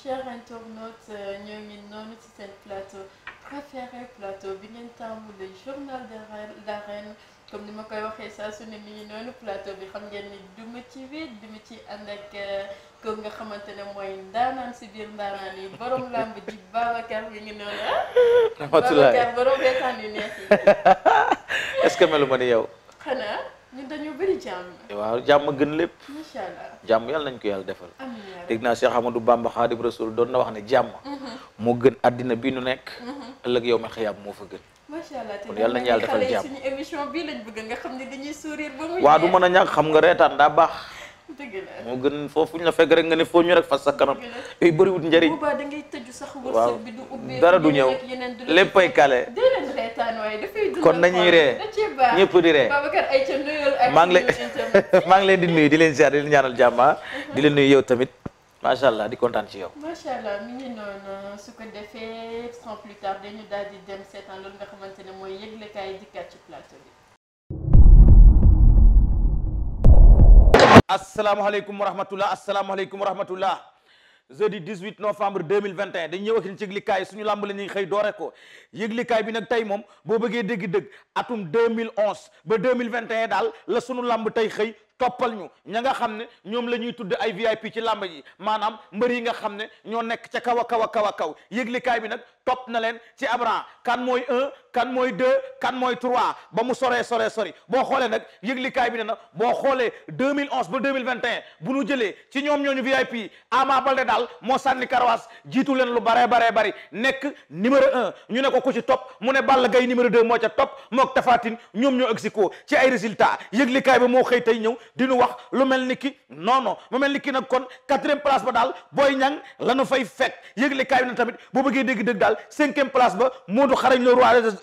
chers internautes euh, ñoo ngi noonu ci seen plateau préféré plateau bi ngeen tàmmu le journal de l'arène comme ni ma koy waxee saa su ne mi ngi noonu plateau bi xam ngeen ni du ma ci wéet du ma ci ànd ak euh, kooku nga xamante ne mooy ndaanaan si biir ndaanaan yi borom làmb ji Babacar mi ngi noonu ah. rahmatulah Babacar borom yu neex yi. est melu ma yow. xanaa. ñun dañoo bëri jàmm. a jàmm gën lépp. macha allah jàmm yàlla nañ ko yàlla defal. amiin dégg a Cheikh Amadou Bamba Xaadim Rasul doon na wax ne jàmm. Mm-hmm. moo gën àddina bi nu nekk. Mm-hmm. ëllëg yow ma xiyaam moo fa gën. macha allah te yàlla nañ yàlla defal jàmm suñu émission bii lañ bëgg nga xam ne dañuy du mën a ñàkk xam nga reetaan daa baax. moo gën foofu ñu la fekk rek nga ne foo ñu rek fas sa kanam yooyu bëriwut njëriñ waaw dara du ñëw léppay kale kon nañuy ree ñëpp di ree maa ngi lay maa ngi leen di nuyu di leen ziar di leen ñaanal jàmma ah. di leen nuyu yow tamit macha allah di kontaan ci yow asalaamaaleykum wa rahmatullah asalaamaaleykum wa rahmatullah jeudi 18 novembre 2021 dañ a ak ci yëglikaay suñu làmb la ñuy xëy doore ko yëglikaay bi nag tey moom boo bëggee dégg-dëgg atum 2011 ba mille vingt 2021 daal la suñu làmb tey xëy toppal ñu ña nga xam ne ñoom la ñuy tudd ay VIP ci làmb yi maanaam mbër yi nga xam ne ñoo nekk ca kaw a kaw a kaw a kaw yëglikaay bi nag topp na leen ci abran kan mooy un kan mooy deux kan mooy trois ba mu soree soree sori boo xoolee nag yëglikaay bi ne na boo xoolee 2011 ba 2021 bu nu jëlee ci ñoom ñooñu VIP Ama Baldé daal moo sànni karawaas jiitu leen lu baree baree bari nekk numéro un ñu ne ko ku ci topp mu ne Balla Gaye numéro deux moo ca topp mook Tafatine ñoom ñoo exiko ci ay résultats yëglikaay bi moo xëy tey ñëw di nu wax lu mel ni ki non mu mel ni ki nag kon quatrième place ba daal Boy Niang la nu fay fekk yëglikaay bi ne tamit bu bëggee dégg dëgg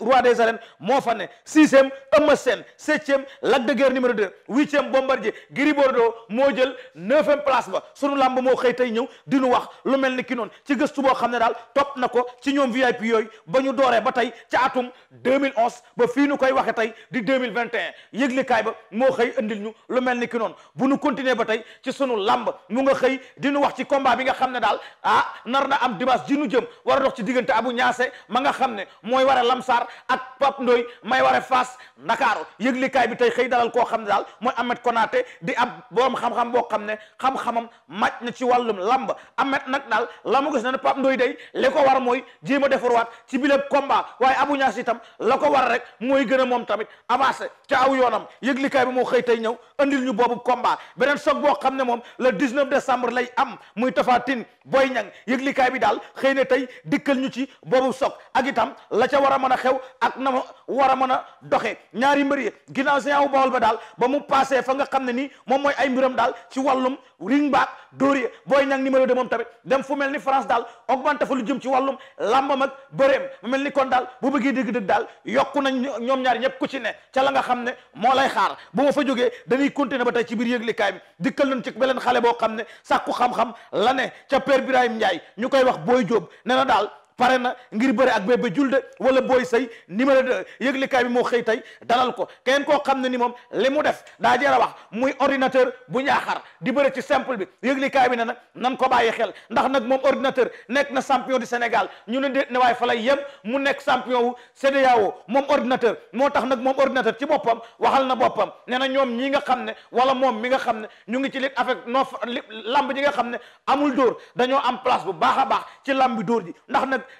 roi des arènes moo fa ne sixième Eumeu Sène septième Lac de Guerre numéro deux bombar Bombardier Gris Bordeaux moo jël neuvième place ba sunu làmb moo xëy tey ñëw di nu wax lu mel ni ki noon ci gëstu boo xam ne daal top na ko ci ñoom VIP yooyu ba ñu dooree ba tey ci atum 2011 ba fii nu koy waxe tey di deux vingt 2021 yëglekaay ba moo xëy andil ñu lu mel ni ki noon bu nu continuer ba tey ci sunu làmb mu nga xëy dinu wax ci combat bi nga xam ne daal ah nar na am dimanche ji nu jëm war a ci diggante Abu Ñaase ma nga xam ne mooy war a lamsaar ak Pape Ndoye may ware Fass Ndakaaru yëglikaay bi tey xëy dalal koo xam ne daal mooy Ahmed Konaté di ab borom xam-xam boo xam ne xam-xamam màcc na ci wàllum lamb Ahmed nag daal la mu gis ne ne Pape Ndoye day li ko war mooy jéema a ci biléb komba waaye abu Niass itam la ko war rek mooy gën a moom tamit avancé ca aw yoonam yëglikaay bi moo xëy tey ñëw andil ñu boobu combat beneen soog boo xam ne moom le 19 décembre lay am muy tafaatin Boy Niang yëglikaay bi daal xëy na tey dikkal ñu ci boobu soog ak itam la ca war a mën a xew ak na ma war a mën a doxe ñaari mbër yi ginnaaw géant wu Bawol ba daal ba mu passé fa nga xam ne nii moom mooy ay mbiram daal ci wàllum ring back dóor yi booy ñang numéro de moom tamit dem fu mel ni France daal augmenté fa lu jëm ci wàllum làmbam ak bëreem mu mel ni kon daal bu bëggee dëgg-dëgg daal yokku nañ ñoom ñaari ñëpp ku ci ne ca la nga xam ne moo lay xaar bu ma fa jógee dañuy continuer ba tey ci biir yëglikaay bi dikkal nañ ci beneen xale boo xam ne sàkku xam-xam la ne ca Père Birahim Ndiaye ñu koy wax Boy Diop nee daal pare na ngir bëri ak bébé julde wala booy sëy numéro deux yëglikaay bi moo xëy tey dalal ko kenn koo xam ne ni moom li mu des daa jar a wax muy ordinateur bu ñaaxar di bëri ci simple bi yëglikaay bi ne nag nan ko bàyyi xel ndax nag moom ordinateur nekk na champion du Sénégal ñu ne déet ne waaye fa lay yem mu nekk champion wu CEDEAO moom ordinateur moo tax nag moom ordinateur ci boppam waxal na boppam nee na ñoom ñii nga xam ne wala moom mi nga xam ne ñu ngi ci lit avec noo lamb ñi nga xam ne amul dóor dañoo am bu baax a baax ci lamb bi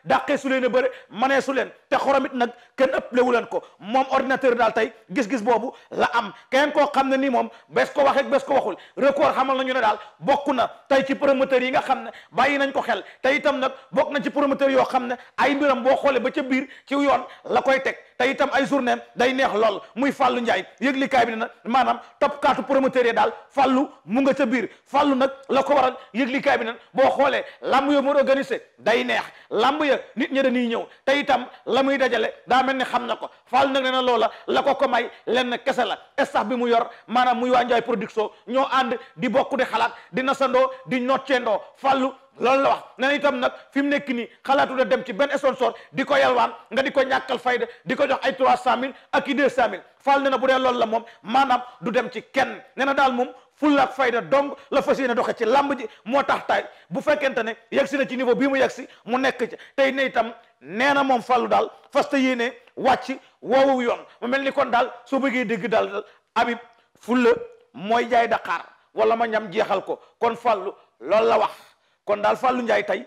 daqe su leen a bëre manee su leen te xoromit nag kenn ëpplewu leen ko moom ordinateur daal tey gis-gis boobu la am kenn koo xam ne nii moom bes ko waxee bes ko waxul record xamal nañu ne daal bokk na tey ci promoteur yi nga xam ne bàyyi nañ ko xel tey itam nag bokk na ci promoteur yoo xam ne ay mbiram boo xoolee ba ca biir ci yoon la koy teg tey itam ay journée day neex lool muy Fallou Ndiaye yëglikaay bi ne na maanaam top quatre promoteur yi daal Fallou mu nga ca biir Fallou nag la ko waral yëglikaay bi ne boo xoolee làmb yoo moo organisé day neex làmb ya nit ñi dañuy ñëw tey itam la muy dajale daa mel ni xam na ko Fallou nag nee na loola la ko ko lenn kese la staff bi mu yor maanaam muy waa Ndiaye production ñoo ànd di bokk di xalaat di nasandoo di noccendoo Fallou loolu la wax ne na itam nag fi mu nekk nii xalaatu da dem ci benn sponsor di ko yalwaan nga di ko ñàkkal fayda di ko jox ay trois cent ak i deux cent mille faal bu dee loolu la moom maanaam du dem ci kenn ne na daal moom fulla ak fayda dong la fas yéene doxe ci làmb ji moo tax tay bu fekkente ne yegg si na ci niveau bi mu yegg si mu nekk ci tey ne itam nee na moom fàllu daal fas yéene wàcc woowu yoon mu mel ni kon daal soo bëggee dégg daal Habib fulla mooy jaay Dakar wala ma ñam jeexal ko kon fàllu loolu la wax kon daal Fallou Ndiaye tey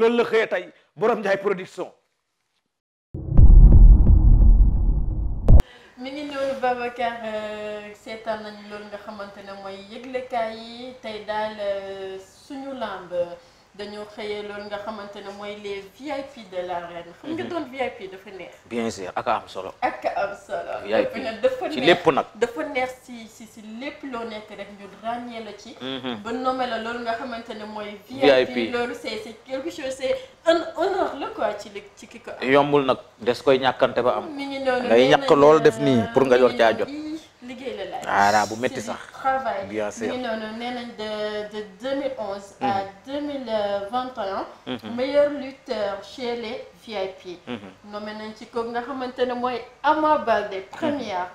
loolu la xëyee tey borom Ndiaye production. mi ngi noonu Babacar euh, seetaan nañu loolu nga xamante ne mooy yëglekaay yi tey daal euh, suñu làmb. dañoo xëyee loolu nga xamante ne mooy les VIP de l'arène. xam nga mhm. doon VIP dafa neex. bien sûr ak am solo. ak am solo. VIP dafa neex ci lépp nag. dafa neex si si si lépp loo nekk rek ñu ràññee la ci. Mhm. ba nommé la loolu nga xamante ne mooy. VIP loolu c'est c'est quelque chose c'est un honneur la quoi ci li ci ki ko am. yombul nag des koy ñàkkante ba am. mi ngi noonu day ñàkk lool def nii pour nga yor caa jot. liggéey la laaj. voilà bu métti sax. travail nee nañ de de 2011. à 2021. Mm-hmm. Mm-hmm. meilleur lutteur chez les VIP. Mm-hmm. nommé nañ ci kooku nga xamante ne mooy Ama Baldé première.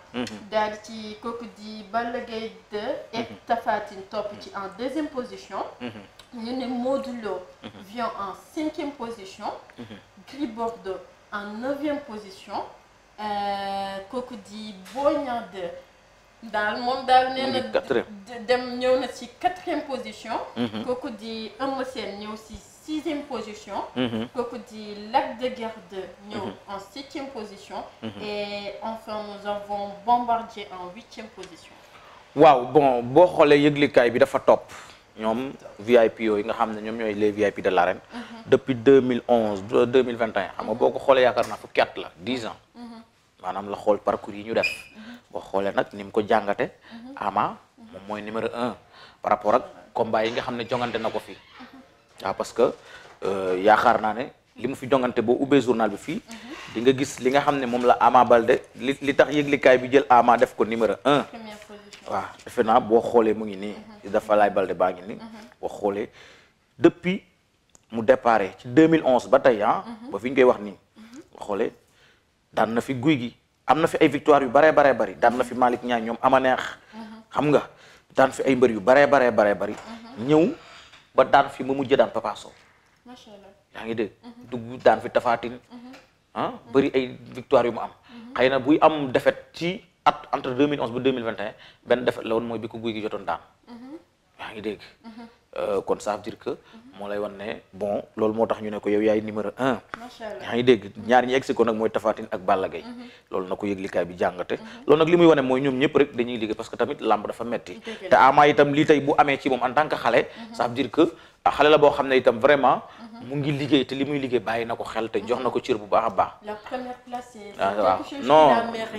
daal ci kooku di Balla Gaye 2 et Tapha Tine ci en deuxième position. ñu ne Modou Lo en cinquième position. Gris Bordeaux en neuvième position. Euh, kooku di Boy daal moom daal nee dem ñëw na ci quatrième position. Mhm. kooku di Eumeu Sène ñëw si sixième position. Mhm. kooku di Lac de Guiers ñëw mhm. en septième position. et enfin nous avons Bombardier en huitième position. waaw bon boo xoolee yëglikaay bi dafa topp ñoom VIP yooyu nga xam ne ñoom ñooy les VIP de l'arène. depuis 2011 2021 xam nga boo ko xoolee yaakaar naa fukki at la 10 ans. maanaam la xool parcours yi ñu def. boo xoolee nag ni mu ko jàngate mhm. Ama moom mooy numéro un par rapport ak combat yi nga xam ne jongante na ko fi mhm. waaw parce que euh, yaakaar naa ne li mu fi jongante boo ubbee journal bi fii li mhm. nga gis li nga xam ne moom la Ama Baldé li li tax yëglikaay bi jël Ama def ko numéro un waaw defe naa boo xoolee mu ngi nii dafa laay Baldé baa ngi nii boo xoolee depuis mu déparé ci 2011 ba tey ah ba fi ñu koy wax nii boo xoolee daan na fi guy gi am na fi ay victoire yu baree baree bari daan na fi Malick Niang ñoom ama neex xam nga daan fi ay mbër yu bare baree baree bari ñëw ba daan fi ma mujj daan Papa Sow yaa ngi dégg dugg daan fi tafaatin ah bëri ay victoire yu mu am xëy na buy am defet ci at entre 2011 ba 2021 benn defet la woon mooy bi ko guy gi jotoon daan yaa ngi dégg Euh, kon ça veut dire que moo lay wan ne bon loolu moo tax ñu ne ko yow yaay numéro un yaa ngi dégg ñaar ñi ko nag mooy Tafatine ak Balla Gaye mhm. loolu na ko yëglikaay bi jàngate mhm. loolu nag li muy wane mooy ñoom ñëpp rek dañuy liggéey parce que tamit làmb dafa metti te Ama itam li tey bu amee ci moom en tant que xale mhm. ça veut dire que ah, xale la boo xam ne itam vraiment mu ngi liggéey te li muy liggéey bàyyi na ko xel te jox na ko cër bu baax a baax. la première place ah waaw non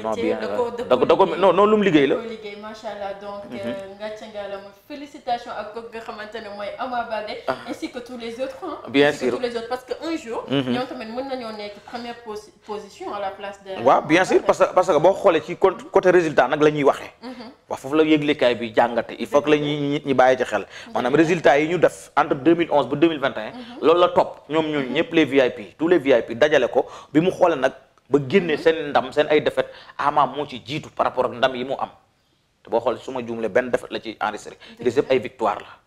non bien euh, da ko da ko non non lu mu liggéey la. macha allah donc. ngàcce ak kooku nga xamante ne mooy Ama Baldé. Ah. ainsi que tous les autres. bien sûr tous les autres parce que un jour. Mhm. ñoom tamit mën que parce que boo xoolee ci côté résultat nag la ñuy waxee. Mhm. wax foofu la yëglekaay bi jàngate il faut que la ñuy nit ñi bàyyi ci xel maanaam résultat yi ñu def entre 2011 ba 2021 mhm. loolu la topp ñoom ñooñu ñëpp les VIP tous les VIP dajale ko bi mu xoolee nag ba génnee seen ndam seen ay défaite Ama moo ci jiitu par rapport ak ndam yi mu am te boo xoolee su ma benn défaite la ci enregistré des yëpp ay victoire la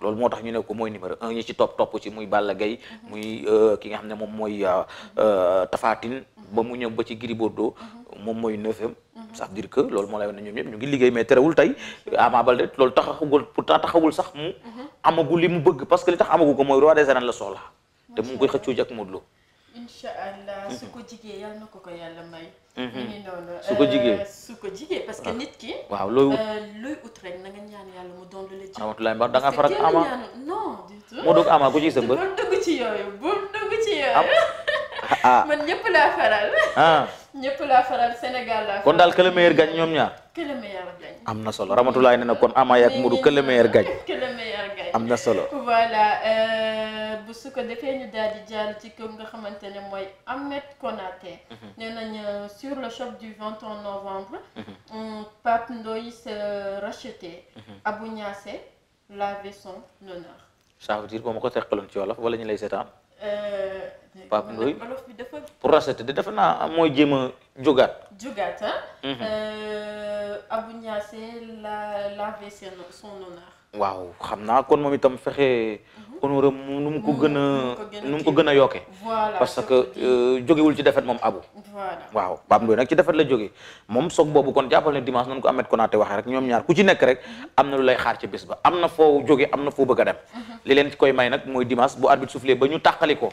loolu moo tax ñu ne ko mooy numéro un ñi ci topp topp ci muy Balla Gaye muy euh, ki nga xam ne moom mooy euh, euh, Tapha Tine ba mu ñëw ba ci Gris Bordeaux moom mooy neuvième ça veut dire que loolu moo lay wane ñoom ñëpp ñu ngi liggéey mais terewul tey Ama Baldé loolu taxawul pourtant taxawul sax mu amagu li mu bëgg parce que li tax amagu ko mooy roi des arènes la soxla te mu ngi koy xëccoo ak Modou incha allah su ko jigee yal na ko yàlla may. Mhm. mi ngi noonu euh, parce que ah. nit ki. waaw looy wut euh, looy ut rek na ñaan yàlla mu doon lu la ji. amatulaay mbaa da faral ama non ci yooyu bul dugg ci yooyu. Ah. man ñëpp laa faral. Ah. ñëpp laa faral Sénégal laa faral. kon daal que le meilleur ñoom ñaar. que le meilleur am na solo Ramatoulaye nee na kon ama yak Modou que le meilleur gagne. am na solo voilà euh, bu su ko defee ñu daal di jàll ci kër nga xamante ne mooy Ahmed Konaté. Mhm. nee nañ euh, sur le choc du 21 novembre. Mhm. Pape Ndoye se racheté. Mhm. Abou Niassé lavé son honneur. ça dire boo ma ko teqaloon ci wolof wala ñu lay seetaan. Euh, Pape Ndoye pour racheter de defe naa mooy jéem a jógaat. jógaat ah. Abou son honneur. waaw xam naa kon moom itam fexe. Mhm. honoram mhm. nu mu ko gën a nu mu ko gën a yokkee. parce que euh, jógewul ci defet moom abu. waaw Pape Ndoye nag ci defet la jóge moom soog boobu kon jàppal ne dimanche nañ ko Ahmed Konaté waxee rek ñoom ñaar ku ci nekk rek mhm. am na lu lay xaar ci bés ba am na foo jógee am na foo bëgg dem. li leen ci koy may nag mooy dimanche bu arbitre soufflé ba ñu tàqali ko.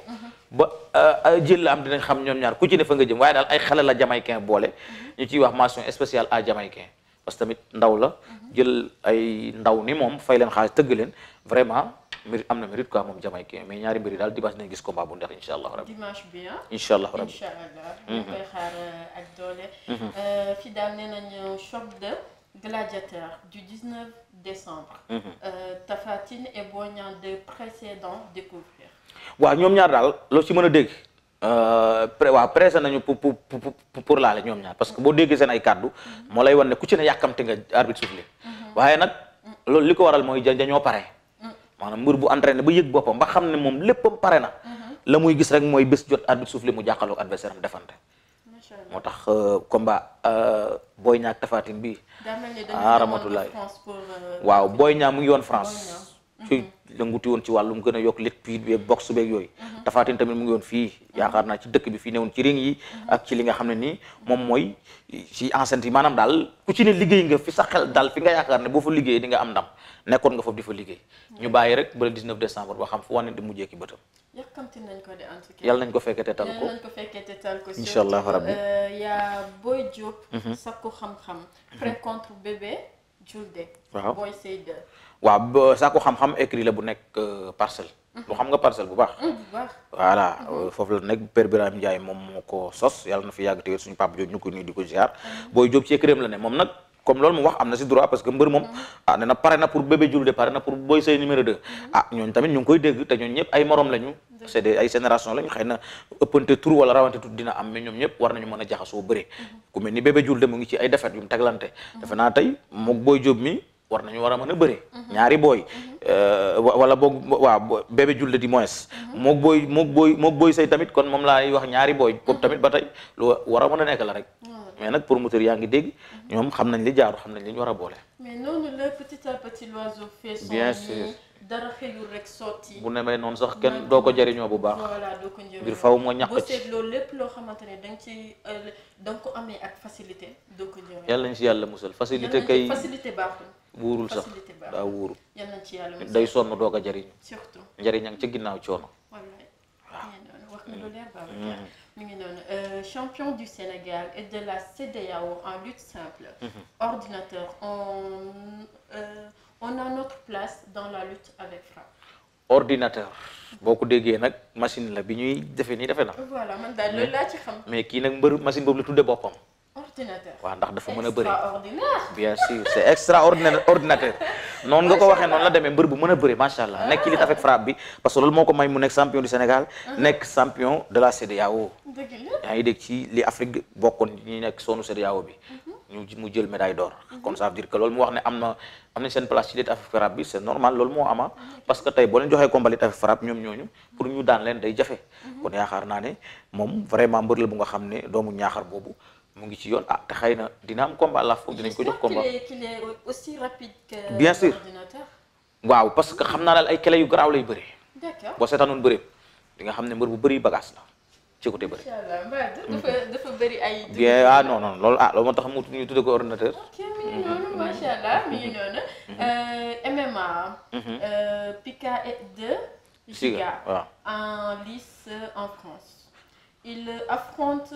ba euh, jël la am dinañ xam ñoom ñaar ku ci ne fa nga jëm waaye daal ay xale a jamaïcain boole. ñu ciy wax mention spéciale à jamaïcain. parce que tamit ndaw la jël ay ndaw ni moom fay leen xaalis tëgg leen vraiment mérite am na mérite quoi moom jamaïcain mais ñaari mbir yi daal dimanche dinañ gis combat bu neex incha allah rabbi dimanche bi ah incha allah rabbi incha allah mhm. ñu koy xaar euh, ak doole mhm. euh, fii daal nee nañu choc de gladiateur du 19 décembre mhm. euh, Tapha Tine et Boy Niang de précédent découvrir waaw ñoom ñaar daal loo ci mën a dégg Euh, waaw pressé nañu pour pour pour laale ñoom ñaar parce que boo déggee seen ay kàddu mhm. moo lay wan ne ku ci ne yàkkamte nga arbitre soufflé mhm. waaye nag loolu li ko waral mooy dañoo pare mhm. maanaam mbir bu entraîné ba yëg boppam ba xam ne moom léppam pare na la muy gis rek mooy bés jot arbitre soufflé mu jàkkaarloog adversaire am defante moo tax euh, combat euh, Boy Niang ak Tapha Tine bi ah Ramatoulaye waaw Boy Niang mu ngi woon France ci yënguti woon ci wàllum gën a yokk lit piit bi ak box beeg yooyu mhm. tafaatin tamit mu ngi woon fii mhm. yaakaar naa ci dëkk bi fii newoon ci ring yi mhm. ak ci li nga xam ne nii moom mooy fi nga yaakaar ne boo fa liggéey di am ndam nekkoon nga foofu di fa liggéey ñu bàyyi rek ba le 19 décembre ba xam fu wane di mujjee ki bëtam nañ ko fekkee te tal ko yàlla nañ rabbi euh, yaa Boy Diop sakku xam-xam fréquente bébé Julde waaw waaw saako xam-xam écrit la bu nekk euh, parcelle. Mhm. lu xam nga parcelle bu baax. Mm, voilà mhm. euh, foofu la nekk Père Birame Ndiaye moom moo ko sos yàlla na fi yàgg te wér suñu papa jooju ñu ko di ko ziar. Mhm. booy jóob ci écritam la ne moom nag comme loolu mu wax am na si droit parce que mbër moom ah nee na pare na pour bébé Diouldé pare na pour Boy Seye numéro 2. ah ñooñu tamit ñu ngi koy dégg te ñooñu ñëpp ay morom lañu. c'est ay génération lañu xëy na ëppante tur wala rawante tur dina ñoom ñëpp war nañu mën a jaxasoo bëre. ku mel ni bébé Diouldé mu ngi ci ay defet yu mu teglante. defe naa tey moog Boy Diop mi war nañu war a mën a bëre. ñaari booy. Euh, wala boog waaw bébé julde di moins. moog booy moog booy moog booy say tamit kon moom laay wax ñaari booy boobu tamit ba tey lu war a mën a nekk la rek. mais nag promoteur yaa ngi dégg ñoom xam nañ li jaaru xam nañ li ñu war a boole. mais noonu la petit à petit l'oiseau fait son bien sûr dara bu nemee noonu sax kenn doo ko jëriñoo bu baax. ci. boo lépp loo xamante ne da nga ci euh, da nga ko amee ak facilité yàlla nañ si yàlla musal facilité kay wóorul sax daa wóoru day sonn doog a jariñ surtout njariñam ci ginnaaw coono mu ngi noonu mm. euh, champion du Sénégal et de la CEDEAO en lutte simple. Mm-hmm. ordinateur on euh, on a boo ko déggee nag machine la bi ñuy defee nii defe na. man daal loolu laa ci mais kii nag mbër machine boobu la tuddee boppam. ordinateur ndax dafa mën a bëri bien sûr c' est extraordinaire ordinateur noonu nga ko waxee noonu la demee mbër bu mën a bëri macha allah ah. nekk ci lutte avec frappe bi parce que loolu moo ko may mu nekk champion ah. de la CEDEAO yaa ngi dégg ci li Afrique bokkoon ñi nekk soonu CEDEAO bi mhm. ñu mu jël médaille d'or comme mhm. ça veut dire que loolu mu wax ne am na am nañ seen place ci lutte avec frappe bi c' normal loolu moo ama ah. parce que tey boo leen joxee combat lutte avec frappe ñoom ñooñu pour ñu daan leen day jafe mhm. kon yaakaar naa ne moom vraiment mbër la bu nga xam ne doomu ñaaxar boobu mu ngi ci yoon a ah, te na dina am combat la foog dinañ ko jox combat qu'il bien sûr waaw parce que xam naa daal ay kele yu garaaw lay bëree d'accord boo seetaanoon bëree di nga xam ne mbër bu bëri bagage la ci côté bëri mm-hmm. dafa dafa bëri ay bien ah non non loolu ah loolu moo tax mu ñu tudde ordinateur mi ngi noonu mm-hmm. macha allah mi ngi noonu MMA mm-hmm. euh, euh, Pika et 2 Giga waaw euh, en France il affronte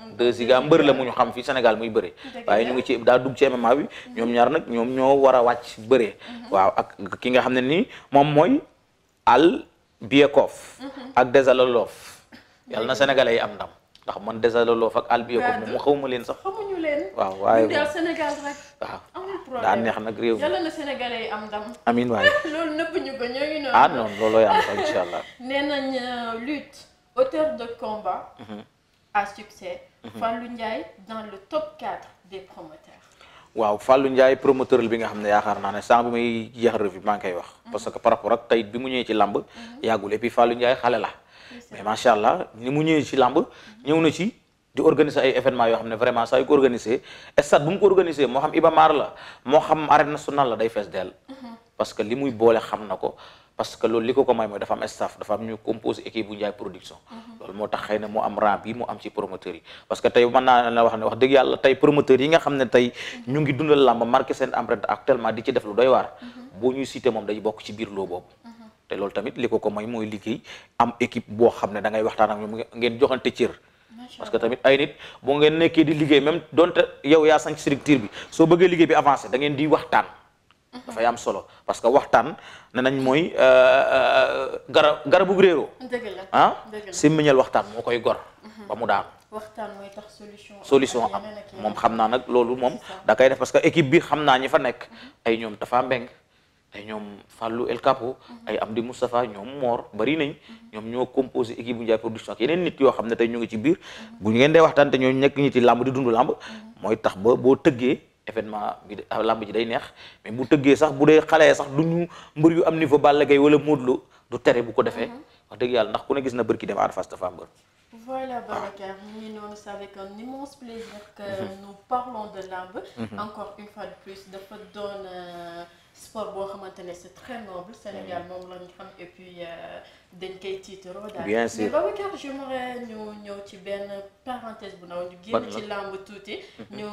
2 Ziga mbër la mu ñu xam fii Sénégal muy bëre waaye ñu ngi ci daa dugg ci MMA bi mhm. ñoom ñaar nag ñoom ñoo war a wàcc bëree mhm. waaw ak ki nga xam ne nii moom mooy Al Biekov mhm. ak Desalalov yàlla na sénégalais yi am ndam ndax man Desalalov ak Al Biekov moom mu xawma leen sax waaw waaye daal Sénégal daa neex nag réew mi yàlla am ndam amin waaye loolu nëpp ñu ah, loolooy am sax incha allah euh, Mm-hmm. Fallou Ndiaye dans le waaw Fallou Ndiaye promoteur bi nga xam ne yaakaar naa ne sànq bi may jeex revue maa ngi koy wax. Mm-hmm. parce que par rapport ak tey bi mu ñëwee ci lamb mm-hmm. yàggul et puis Fallou Ndiaye xale la. mais macha allah ni mu ñëwee ci làmb. ñëw na ci di organiser ay événements yoo xam ne vraiment saa yu ko organiser stade bu mu ko organiser moo xam Iba maar la moo xam arène nationale la day fees dell. parce que li muy boole xam na ko parce que loolu li ko dafa am staff dafa am ñu compose équipe bu Njaay production mhm. loolu moo tax xëy na moo am rang bi mu am ci promoteurs yi parce que tey mën naa la wax ne wax dëgg yàlla tey promoteurs yi nga xam ne tey ñu ngi dundal làmb marqué seen empreinte actuellement di ci def lu doy waar mhm. boo ñuy cité moom day bokk ci biir loo boobu mhm. te loolu tamit li ko ko may mooy liggéey am équipe boo xam ne da waxtaan ak ñoom ngeen cër parce dafay am solo parce que waxtaan ne nañ mooy euh, euh, gara garabu réeroo. dëgg la ah simmiñal waxtaan moo koy gor. Mhm. ba mu daanu. solution. am moom xam naa nag loolu moom da koy def parce que équipe bi xam naa ñi fa nekk. Mhm. ay ñoom Tafa Mbeng ay ñoom Fallou El Capo. Mhm. ay Amdi Moustapha ñoom Mor bari nañ. ñoom ñoo composé équipe bu Ndiaye production ak nit yoo xam ne tey ñu ngi ci biir. bu ngeen dee waxtaan te ñoo nekk ñi ci làmb di dund làmb. mooy tax ba boo tëggee. événement bi ah, làmb ji day neex mais bu tëggee sax bu dee xale sax du ñu mbër yu am niveau ba Gaye wala Modou Lo du tere bu ko defee mm-hmm. wax dëgg yàlla ndax ku ne gis na bër ki dem Ada Fass dafa am mbër Voilà Babacar mu ngi noonu c'est avec un immense plaisir que mm-hmm. nous parlons de lamb mm-hmm. encore une fois de plus dafa doon euh, sport boo xamante ne c'est très noble Sénégal mm-hmm. moom la ñu xam et puis euh, dañ koy tiitaroo daal bien sûr mais Babacar j'aimerais ñu ñëw ci benn parenthèse bu ndaw ñu génn ci lamb ñu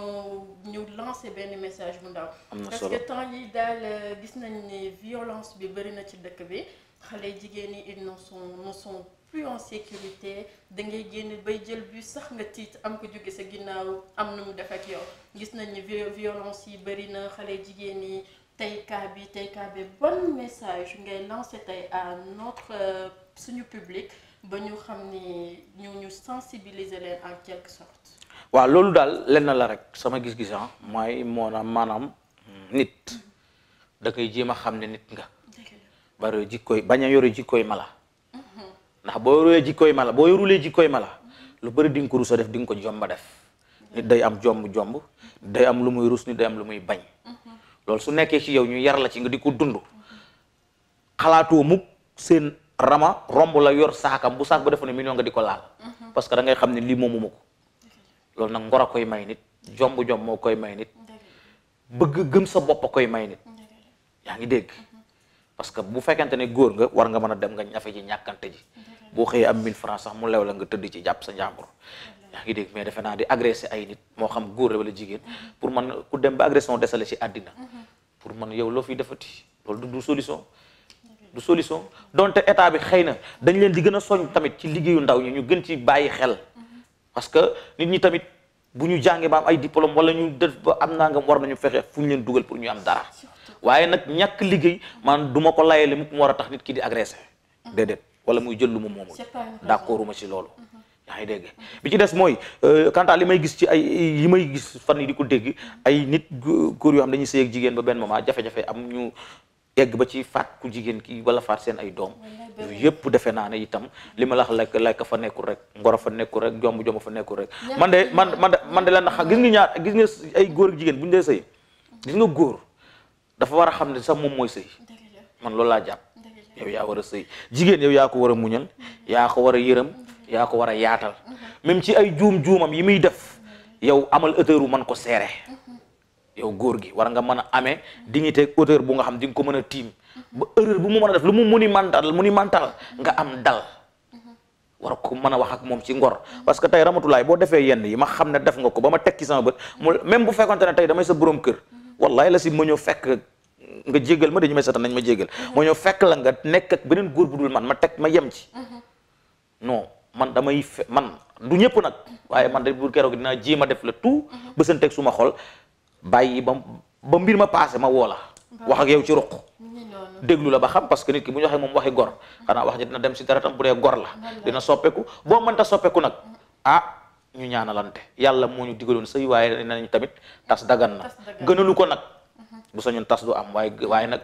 ñu lancer benn message bu ndaw parce que temps yi daal euh, gis nañ ni violence bi bëri na ci dëkk bi xale jigéen yi ils plus en sécurité da ngay génn bay jël bi sax nga tiit am ko jóge sa ginnaaw am nu mu def ak yow gis nañu violence yi bëri na xale jigéen yi tey cas bi tey cas bi bon message ngay lancé tey à notre euh, suñu public ba ñu xam ni ñu ñu sensibiliser leen en quelque sorte. waaw loolu daal lenn la rek sama gis-gis ah mooy maanaam nit da koy jéem a xam ne nit nga. bari jikkoy bañ a yore jikkoy mala. ndax boo rulee koy mala boo rulee koy mala lu bari di nga ko rusa def di nga ko jomba def nit day am jomb jomb day am lu muy rus nit day am lu muy bañ loolu su nekkee ci yow ñu yar la ci nga di ko dund xalaatoo mukk seen rama romb la yor saakam bu saak ba defoon ne million nga di ko laal parce que dangay ngay xam ne lii moomu ma ko loolu nag ngor a koy may nit jomb jomb moo koy may nit bëgg gëm sa bopp a koy may nit yaa ngi dégg parce que bu fekkente ne góor nga war nga mën a dem nga ñafe ji ñàkkante ji boo xëyee am 1000 francs sax mu lew la nga tëdd ci jàpp sa njàmbur yaa ngi dégg mais defe naa di agressé ay nit moo xam góor la wala jigéen pour man ku dem ba agression desale ci àddina pour man yow loo fiy defati loolu du solution du solution donte état bi xëy na dañ leen di gën a soñ tamit ci liggéeyu ndaw ñi ñu gën ci bàyyi xel parce que nit ñi tamit bu ñu jàngee ba am ay diplôme wala ñu def ba am naa nga war nañu fexe fu ñu leen dugal pour ñu am dara waaye nag ñàkk liggéey man duma ko ko layale mu war a tax nit kii di agressé déedéet wala muy jël lu mu moomul d'accord ma ci loolu mm-hmm. yaa ngi dégg bi ci des mooy kantaal euh, li may gis ci ay yi may gis fan yi di ko dégg ay nit góor yoo xam dañuy sëy ak jigéen ba benn moment jafe-jafe am ba ci faat ku jigéen ki wala faat seen ay doom yooyu yëpp defe naa ne itam li ma lax lekk lay fa nekkul rek ngoro fa nekkul rek jomb jomb fa nekkul rek man de man man de man de la gis nga ñaar gis nga ay góor ak jigéen bu ñu dee sëy gis góor dafa war a xam ne sax moom mooy sëy man loolu laa jàpp yow yaa war a sëy jigéen yow yaa ko war a muñal yaa ko war a yërëm yaa ko war a yaatal même ci ay juum-juumam yi muy def yow amal auteur wu man ko seere mm-hmm. yow góor gi war nga mën a amee mm-hmm. dignité auteur bu nga xam di nga ko mën a tiim ba mm-hmm. erreur bu mu mën a def lu mu monumental monumental nga am dal war ko man a wax ak moom ci ngor parce que tey ramatulaay boo defee yenn yi ma xam ne def nga ko ba ma teg ci sama bët mu bu fekkonte ne tey damay sa borom kër wallaay la si ma ñëw fekk nga jégal ma dañu may satan nañ ma jégal moo ñëw fekk la nga nekk ak beneen góor bu dul man ma teg ma yem ci non man damay fe man du ñëpp nag waaye man de bu keroog dinaa jéem a def le tout ba seen teg suma xol bàyyi ba ba mbir ma passé ma woola wax ak yow ci ruq déglu la ba xam parce que nit ki bu ñu waxee moom waxi gor xanaa wax ji dina dem si dara tam bu dee gor la dina soppeeku boo mënta soppeeku nag ah ñu ñaanalante yàlla moo ñu digaloon sëy waaye nañu tamit tas dagan na gënalu ko nag mhm. bu sañoon tas du am waaye waaye nag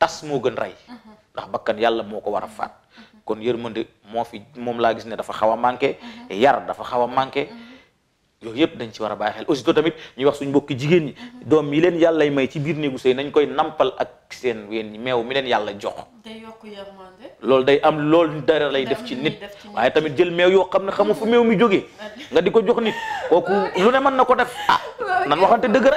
tas moo gën rey mhm. ndax bakkan yàlla moo ko war a faat mhm. kon yërmande moo fi moom laa gis ne dafa xaw a manqué yar dafa xaw a manqué yooy yëpp dañ ci war a bàyyi xel aussitôt tamit ñuy wax suñ mbokki jigéen ñi doom yi leen yàlla may ci biir néegu sëy nañ koy nampal ak seen ween meew mi leen yàlla jox loolu day am loolu dara lay def ci nit waaye tamit jël meew yoo xam ne xamu fu meew mi jógee nga di ko jox nit kooku lu ne mën na ko def ah nan waxante dëgg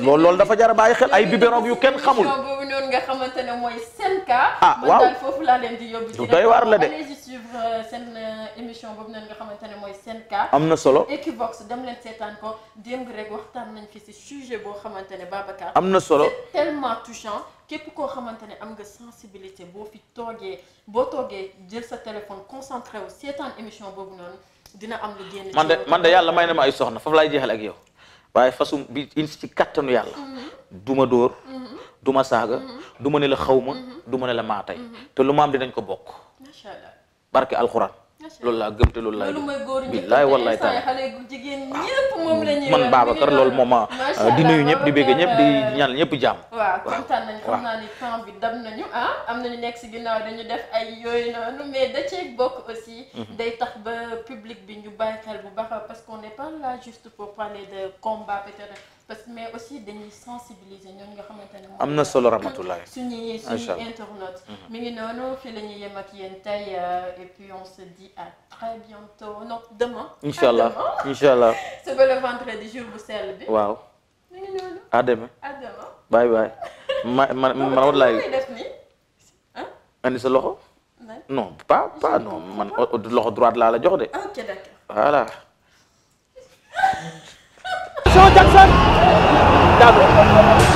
loolu loolu dafa jar a xel ay biberon yu kenn xamul. boobu noonu nga xamante ne mooy seen cas. ah waaw man daal foofu laa leen di yóbbu. du doy waar la de suivre euh, seen euh, émission boobu noonu nga xamante ne mooy seen cas. am na solo Equivox dem leen seetaan ko démb rek waxtaan nañ fi si sujet boo xamante ne Babacar. am na solo c'est tellement touchant. koo xamante ne am nga sensibilité boo fi toogee boo toogee jël sa téléphone concentré wu seetaan émission boobu noonu dina am lu génn. man de man de yàlla may na ma ay soxna foofu laay jeexal ak yow. waaye façon bi in ci kattanu yàlla du ma dóor du saaga du ma ne la xaw ma du ma la maa tey te lu ma am dañ ko bokk barke alxuraan loolu laa gëm te loolu laay billaay wallaay taala ah, man Babacar loolu moom ma ah, di nuyu ñëpp di bëgg ñëpp di ñaanal ñëpp jàmm waaw kontaan nañ xam naa ni temps bi dab nañu ah am nañu nekk si ginnaaw dañu def ay yooyu noonu mais da ceeg bokk aussi mhm. day tax ba public bi ñu bàyyi xel bu baax parce qu'on n'est pas là juste pour parler de combat peut parce que mais aussi dañuy sensibiliser ñoom nga xamante ne. am na solo rahmatulahi. suñuy suñuy internautes. Mhm. mi ngi noonu fii la ñuy yem ak yéen tey euh, et puis on se dit à très bientôt non demain. incha allah incha allah suba le vendredi jour bu sell bi. waaw. mi ngi noonu. à demain à demain. bye bye. ma ma ma rahmatulahi. andi sa loxo. non pas pas non man loxo droite laa la jox de. ok d'accord voilà. Attention Jackson. D'accord.